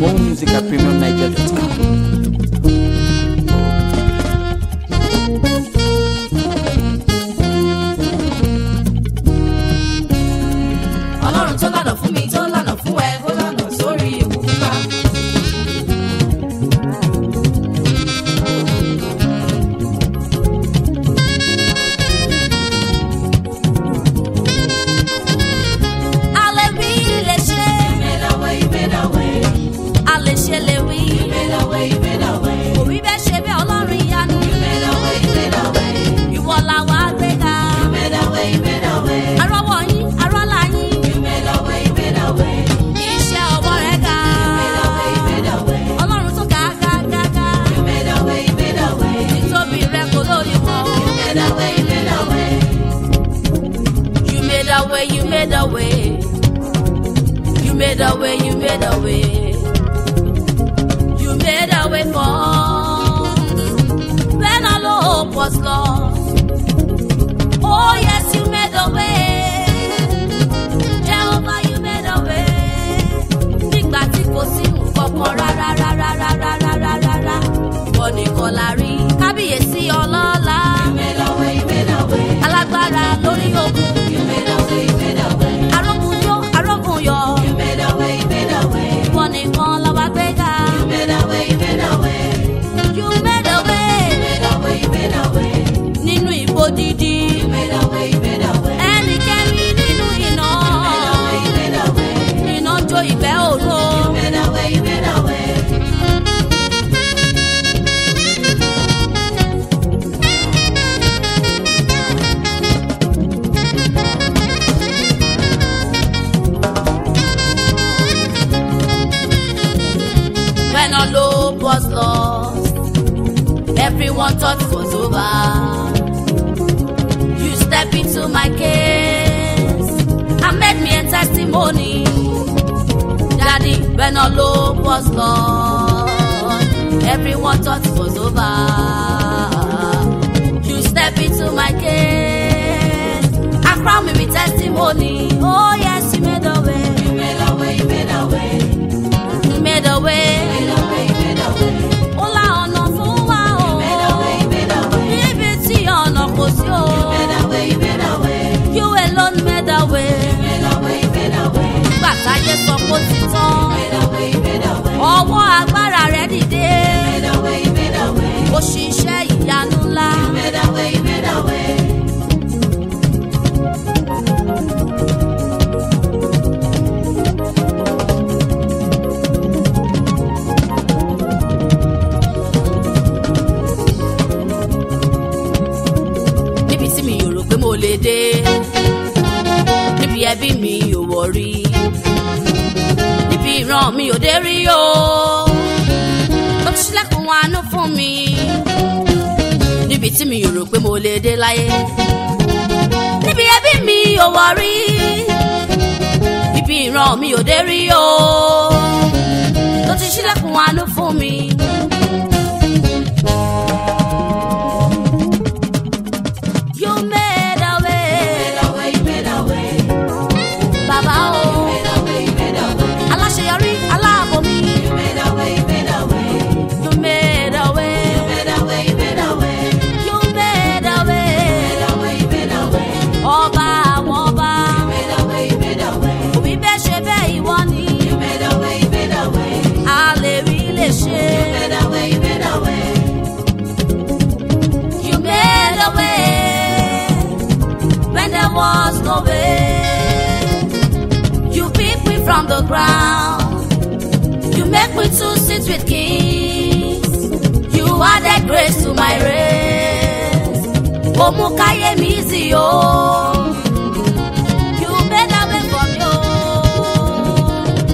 More music at premiumniger.com. made a way. You made a way, you made a way. You made a way for when all hope was lost. Oh yes. When all hope was lost. Everyone thought it was over. You step into my case and made me a testimony. Daddy, when all hope was lost, everyone thought it was over. You step into my case and crown me with testimony. Oh yes, you made a way. You made a way. You made a way. You made a way. Warri níbi ìran mi ò dé rí o tó fi sílẹ̀kùn àánú fún mi níbi tí mi ò rò pé mo lè dé láyé níbi ẹbí mi ò Warri níbi ìran mi ò dé rí o tó ti sílẹ̀kùn àánú fún mi. ground. You make me to sit with kings. You are added grace to my race. Omukaye mi easy, oh. You made a way for me,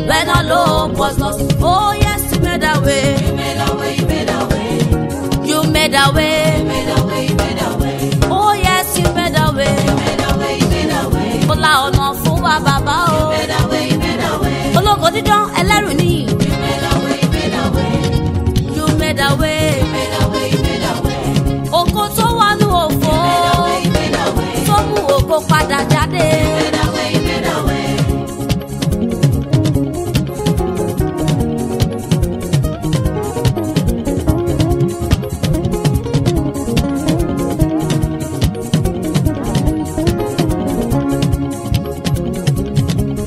When all hope was lost, oh yes, you made a way. You made a way, you made a way. You made a way. You made a way, you made a way. Oh yes, you made a way. You made a way, you made a way. Pull out. dídán ẹlẹ́rù ni. You made a way, made a way. You made a way, made a way, Oko tó wà nù òfò. You made a way,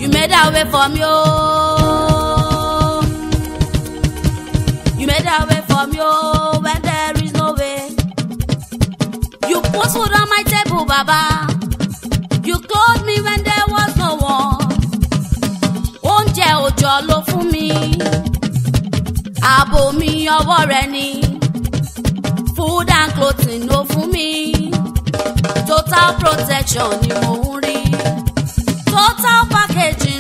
You made a way. for me, oh. for me when there is no way. You put food on my table, Baba. You clothed me when there was no one. Oúnjẹ òjò ló fún mi. Ààbò mi ọwọ́ rẹ ni. Food and clothing ló fún mi. Total protection ni mò ń rí. Total package.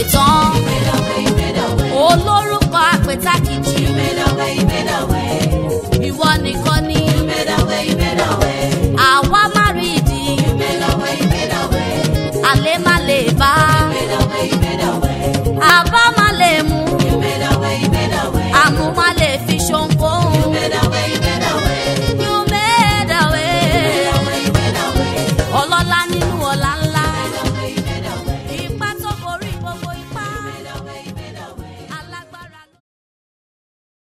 it's on.